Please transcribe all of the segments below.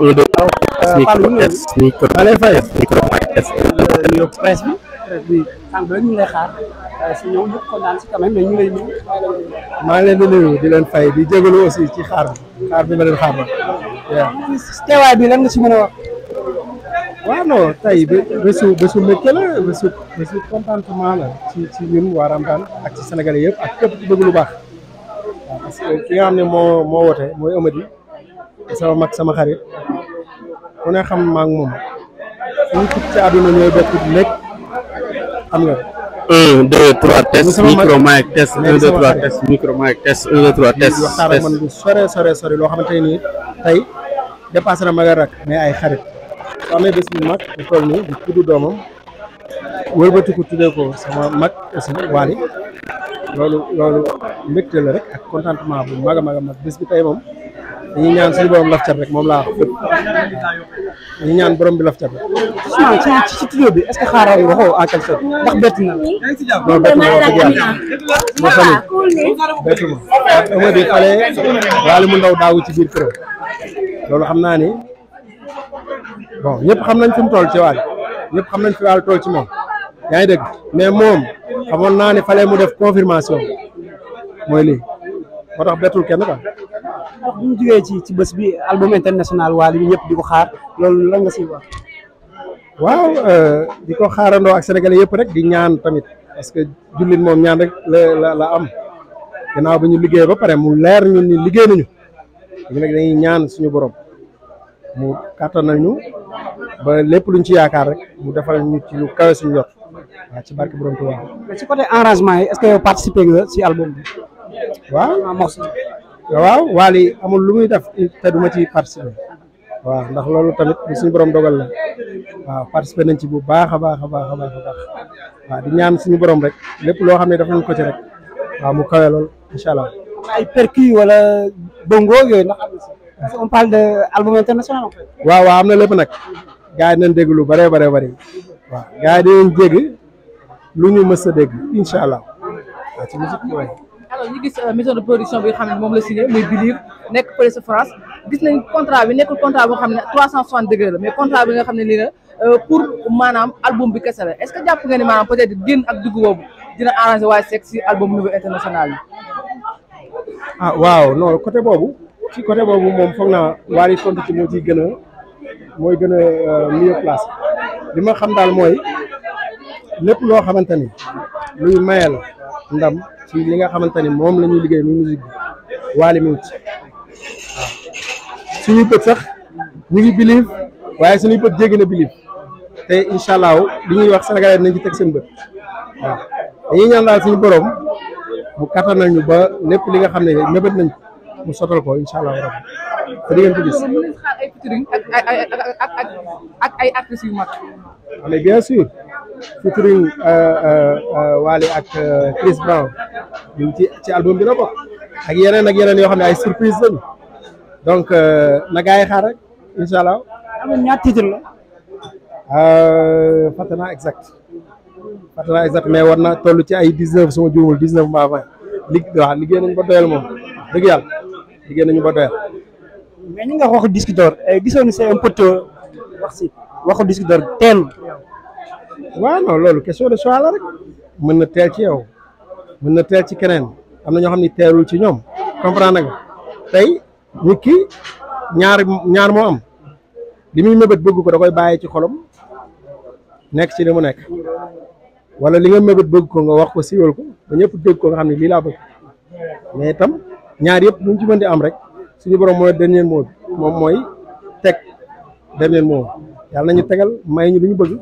un deux maa lay fay yow presse bi bi sànq ñu ngi lay xaar si ñëw ñu maa ngi leen di nuyu di leen fay di jégalu aussi ci xaar bi xaar bi ma leen xaar ba teewaay bi lan nga si mën a wax waaw non tey bésu bésu mbégte la bésu bésu contentement la ci ci ñun waa ak ci Sénégalais yëpp ak képp ku lu baax waaw parce que ki nga xam ne moo moo woote mooy Amady sama mag sama xarit ku ne xam maa moom fu ñu ci àdduna ñooy bokk lépp xam nga. 1 2 3 test micro mic test test micro waxtaan ak man bu sore sore sore loo xamante ni tey dépassé na mag a rak mais ay xarit. soo amee bés bu mag bu tudd doomam wëlbatiku tuddee sama mag aussi Waly loolu loolu mbégte la rek ak contentement bu mag a mag a mag bés bi dañuy ñaan suñu borom laf cat rek moom laa wax dañuy ñaan borom bi laf cat ci ci bi est-ce que xaaral nga ko en quelque ndax bett na. non bett na wax bett ma dama mu ndaw daawu ci biir këram loolu xam naa ni bon ñëpp xam nañ fi mu toll ci waali ñëpp xam nañ fi waali toll ci moom yaa ngi dégg mais moom xamoon naa ne fale mu def confirmation mooy lii. moo tax bettul kenn quoi. ndax bu ñu jógee ci ci bés bi album international Wally bi ñëpp di ko xaar loolu la nga siy wax. waaw euh, di ko xaarandoo ak sénégalais yëpp rek di ñaan tamit parce que jullit moom ñaan rek la la la am gannaaw bi ñu liggéey ba pare mu leer ñun ni liggéey nañu ñu nag ñaan suñu borom mu kàttan nañu ba lépp luñ ci yaakaar rek mu defal ñu ci lu kawe suñu jot waaw ci barke borom Tuubaa. ci côté arrangement yi est yow participé nga ci album bi. waaw waaw Wally amul lu muy def te duma ci participer waaw ndax loolu tamit suñu borom dogal la waaw participer nañ ci bu baax a baax a baax a waaw di ñaan suñu borom rek lépp loo xam ne dafa ñu ko ci rek waaw mu kawe lool incha allah. ay percu wala bongo yooyu ndax on parle waaw am na lépp nag gaa yi dinañ dégg lu bëree bëri bëri waaw gars yi dinañ dégg lu ñu mës a dégg incha allah waaw ci musique ñu gis euh, maison de production bi nga xam ne moom la signé muy Biliir nekk fële sa France gis nañ contrat bi nekkul contrat boo xam ne 360 degré la mais contrat bi nga xam ne nii la euh, pour maanaam album bi kese la est-ce que jàpp nga ni maanaam peut-être génn ak dugg boobu dina arrangé waaye seeg si album niveau international bi. ah waaw non côté boobu ci côté boobu moom foog naa Wally tontu ci moo ciy gën mooy gën a euh, mieux place li ma xam daal mooy lépp loo xamante ni luy la ndam ci li nga xamante ni moom lañuy liggéey mu musique bi waali mi ci waaw suñuy pët sax ñu ngi bilive waaye suñuy bët jéggi na bilive te incha allah li ñuy wax sénégalais nañ ci teg seen bët waaw dañuy ñaan daal suñu borom mu kattanal ñu ba lépp li nga xam ne mébét nañ mu sotal ko incha allah rabbi te di ngeen ko gis. yu mag. bien sûr. featuring euh, euh, euh, Wally ak Chris Brown ñu ngi ci ci album bi la bokk ak yeneen ak yeneen yoo xam ne ay surprise lañu donc na gaa yi xaar rek incha allah. na ñaar titre la. fàtte exact fàtte exact mais war na toll ci ay dix neuf suma juumul dix neuf mbaa vingt lig waaw liggéey nañu ba doyal moom dëgg yàlla liggéey nañu ba doyal. mais ñu nga wax waxu disque d'or eh, gisoon c'est un peu tôt wax si waxu disque d'or waa non loolu question de choix la rek mën na teel ci yow mën na teel ci keneen am na ñoo xam ne teelul ci ñoom comprendre nga tey nit ki ñaar ñaar moo am li muy mébét bëgg ko da koy bàyyi ci xolom nekk ci li mu nekk wala li nga mébét bëgg ko nga wax ko siiwal ko a ñëpp dégg ko nga xam ne lii laa bëgg mais itam ñaar yëpp ñu ci mën di am rek suñu borom mooy dernier mot bi moom mooy teg dernier mot yàlla nañu tegal may ñu lu ñu bëgg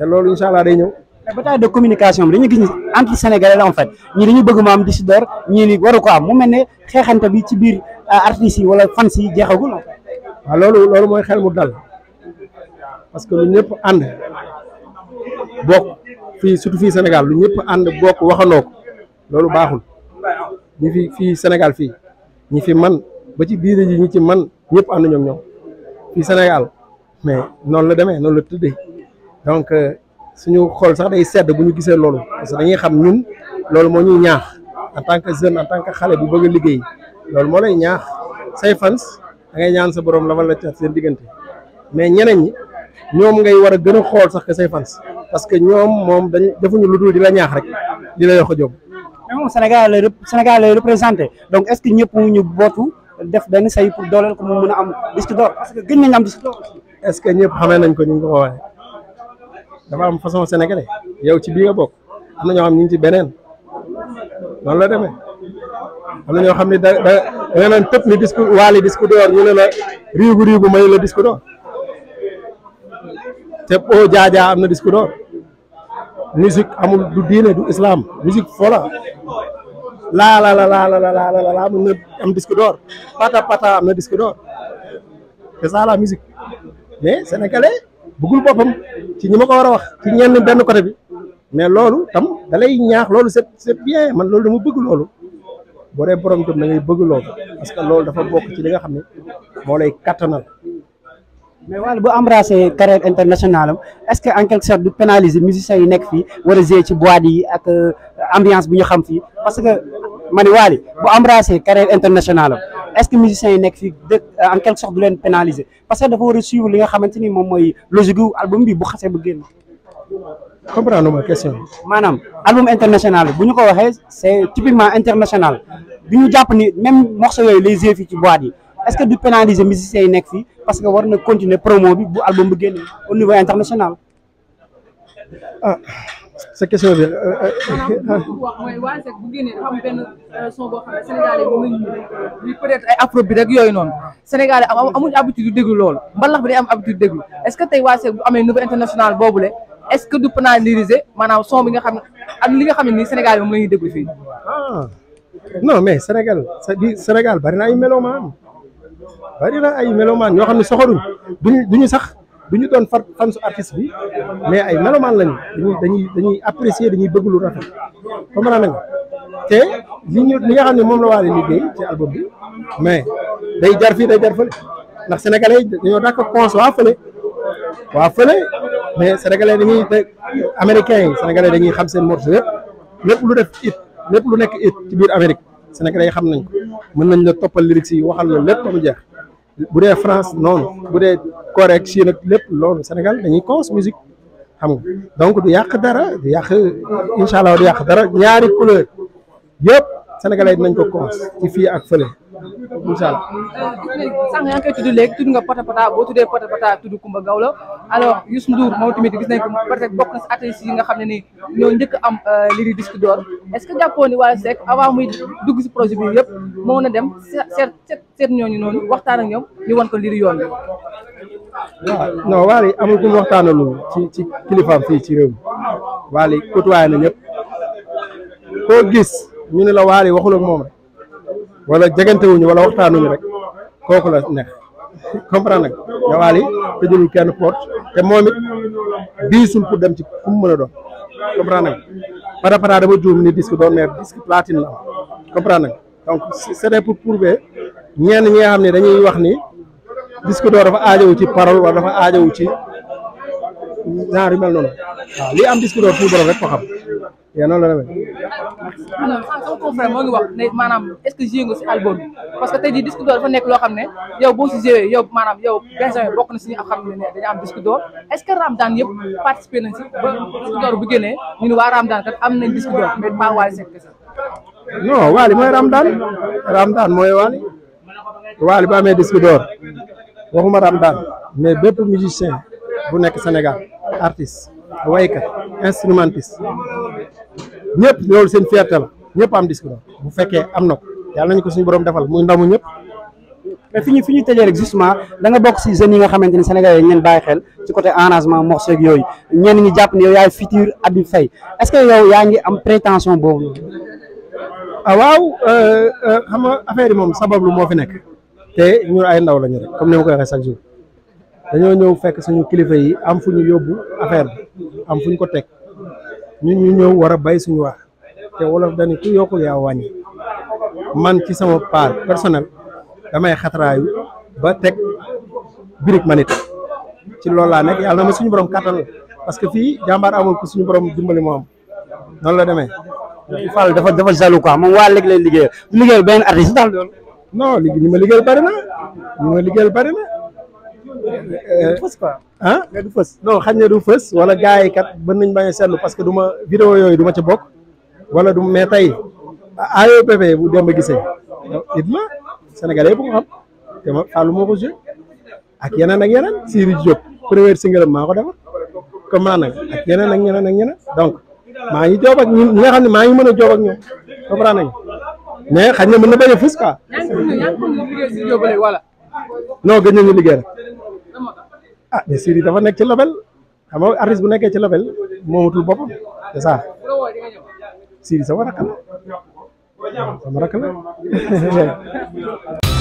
te loolu incha allah day ñëw. bataille de communication bi dañu gis ni entre sénégalais la en fait ñii dañu bëgg mu am disque d'or ñii ni waru ko am mu mel ne xeexanta bi ci biir euh, artistes yi wala fans yi jeexagul. waaw loolu loolu mooy xel mu dal parce que lu ñëpp ànd bokk fii surtout fii Sénégal lu ñëpp ànd bokk waxandoo ko loolu baaxul ñi fi fii Sénégal fii ñi fi man ba ci biir yi ñi ci man ñëpp ànd ñoom ñoom fii Sénégal mais noonu la demee noonu la tëddee. donc euh, suñu xool sax day sedd bu ñu gisee loolu parce que dañuy xam ñun loolu moo ñuy ñaax en tant que jeune en tant que xale bi bëgg a liggéey loolu moo lay ñaax say fans da ngay ñaan sa borom la la ca seen diggante mais ñeneen ñi ñoom ngay war a gën a xool sax que say fans parce que ñoom moom dañ defuñu lu dul di la ñaax rek di la yokk a jóg. mais moom Sénégal lay Sénégal lay représenté donc est-ce que ñëpp ñu bootu def benn say pour dooleel ko mu a am disque d'or parce que gën nañ am ko ñu ngi ko woowee. dafa am façon sénégalais yow ci bii nga bokk xam ñu ngi ci beneen na ñoo xam ne da da da nga tëpp ni disque waali disque d'or ñu ne la riigu riigu may la disque d'or te oo jaajaa am na disque d'or musique amul du diine du islam musique fola laa la la la la la la mun na am disque d'or pata pata am na disque d'or c'est ça la mais sénégalais bëggul boppam ci ñi ma ko war a wax ci ñenn benn côté bi mais loolu tam da ñaax loolu c'est bien man loolu dama bëgg loolu boo dee borom itam da ngay bëgg loolu parce que loolu dafa bokk ci li nga xam ne moo lay kattanal. mais wàllu bu embrasser carrière internationale am est-ce que en quelque sorte du pénaliser musiciens yi nekk fii war a jouer ci boîte yi ak euh, ambiance bu ñu xam fii parce que man bu embrasser carrière internationale am est-ce que musiciens yi nekk fii de euh, en quelque sorte du leen pénaliser parce que dafa war a suivre li nga xamante ni moom mooy logique gu album bi bu xasee ba génn. maanaam album international bu ñu ko waxee c'est typiquement international bi ñu jàpp ni même morceaux yooyu les yeux fii ci boîte yi est-ce que du pénaliser musiciens yi nekk fii parce que war na continuer promo bi bu album bi génn au niveau international ah. sa question bi. maanaam ah. li wax mooy waa Seck bu génnee dafa am benn euh, son boo xam ne sénégalais yi mën nañu peut-être ay afro bi rek yooyu noonu sénégalais am amuñu habitude yu déglu loolu mbalax bi day am habitude déglu est-ce que tey waa Seck bu amee niveau international boobule est-ce que du pénaliser maanaam son bi nga xam ne ak li nga xam ne nii Sénégal yi moom la ñuy déglu fii. Ah. non mais Sénégal di Sénégal bari na ay mélomanes bari na ay mélomanes yoo xam ne soxoruñ duñu duñu sax. du ñu doon far fan su artiste bi mais ay melomaan lañu dañuy dañuy dañuy apprécier dañuy bëgg lu rafet comprendre nga te li ñu li nga xam ne moom la waa leen liggéey ci album bi mais day jar fii day jar fële ndax sénégalais dañoo dàkk cons waa fële waa fële mais sénégalais dañuy américains yi sénégalais dañuy xam seen morceau yëpp lépp lu def it lépp lu nekk it ci biir Amérique sénégalais yi xam nañ ko mën nañ la toppal lyrics yi waxal la lépp ba mu jeex bu dee France noonu bu dee Corée ak lépp loolu Sénégal dañuy cons musique xam nga donc du yàq dara du yàq incha allah du yàq dara ñaari couleur yëpp sénégalais dinañ ko cons ci fii ak fële. incha allah. sànq yaa ngi koy tudd léegi tudd nga patapata boo tuddee patapata tudd Kumba Gawlo alors Youssou Ndour moom tamit gis nañ ko peut na si artistes yi nga xam ne ni ñoo njëkk am euh, lii di disque d'or est-ce que jàppoo ni Wally Seck avant muy dugg si projet bi yëpp moo na dem seet seet seet ñooñu noonu waxtaan ak ñoom ñu wan ko lii di yoon bi. waaw non Wally amul ku mu ci ci kilifaam fii ci réew mi Wally côtoyé na ñëpp koo gis ñu ne la Wally waxul ak moom wala jegantewuñu wala waxtaanuñu rek kooku la ne comprendre nag nga waali tëjulul kenn porte te moom it diisul pour dem ci fu mu a doon comprendre nag parapara dama juum ni disque doon mais disque platine la am comprendre nag donc c'était pour prouver ñenn ñi nga xam ne dañuy wax ni disque d'or dafa aajowu ci parole wala dafa aajowu ci genre yu mel noonu waaw li am disque d'or pour borom rek ko xam yee la demee maanaam sama moo ngi wax maanaam est-ce que joué nga si album parce que te jii disque d'or dafa nekk loo xam ne yow boo si joué yow maanaam yow Benjamin bokk na si ñi am disque d'or est-ce que Ramdan yëpp participé nañ si ba disque bu génnee ñu ne waa Ramdan kat am nañ disque d'or mais pas Wally Seck kese non Wally mooy Ramdan Ramdan mooy Wally Wally ba amee disque d'or waxuma Ramdan mais bépp musicien bu nekk Sénégal artiste waykat instrumentiste ñëpp loolu seen fierté la ñëpp am disque d'or bu fekkee am na ko yàlla nañu ko suñu borom defal muy ndamu ñëpp. mais fi ñu fi ñu tëjee rek justement da nga bokk si jeunes yi nga xamante ni Sénégalais yi ngeen bàyyi xel ci côté arrangement morceau ak yooyu ñenn ñi jàpp ne yow yaay futur Habib Faye est-ce que yow yaa ngi am prétention boobu noonu. ah waaw euh, euh, xam affaire yi moom sabab lu moo fi nekk te ñun ay ndaw lañu rek comme ni ma ko waxee chaque jour dañoo ñëw fekk suñu kilifa yi am fu ñu affaire am fu ko teg. ñun ñu ñëw war a bay suñu wax te wolof dañu ku yokkul yaa wàññi man ci sama part personnel damay xatraayu ba teg birig ma nit ci lool laa nekk yàlla na ma suñu borom kàttan parce que fii jàmbaar amul ko suñu borom dimbali moom am noonu la demee. Fall dafa dafa jaloux quoi moom waa léegi lay liggéeyal liggéeyal benn artiste ndax loolu. non li ma liggéeyal bari na li ma liggéeyal bari na. ah du fës non xañ du fës wala gars yi kat mën nañ bañ a seetlu parce que du ma vidéo yooyu du ma ci bokk wala du mais tey AOPP e bu Demba Guissé it ma sénégalais bu ko xam te ma Fallou moo ko ak yeneen ak yeneen Siri Diop première single maa ko defar maa maanaam ak yeneen ak ñeneen ak ñeneen donc maa ngi joob ak ñi nga xam ne maa ngi mën a joob ak ñoom comprendre xañ na mën na bañ a fës quoi. non gëj nañu liggéey rek. a ah, mais Sidy dafa nekk ci label xam nga bu nekkee ci label moomatul boppam c'est ça Sidy sama rakk la sama rakk la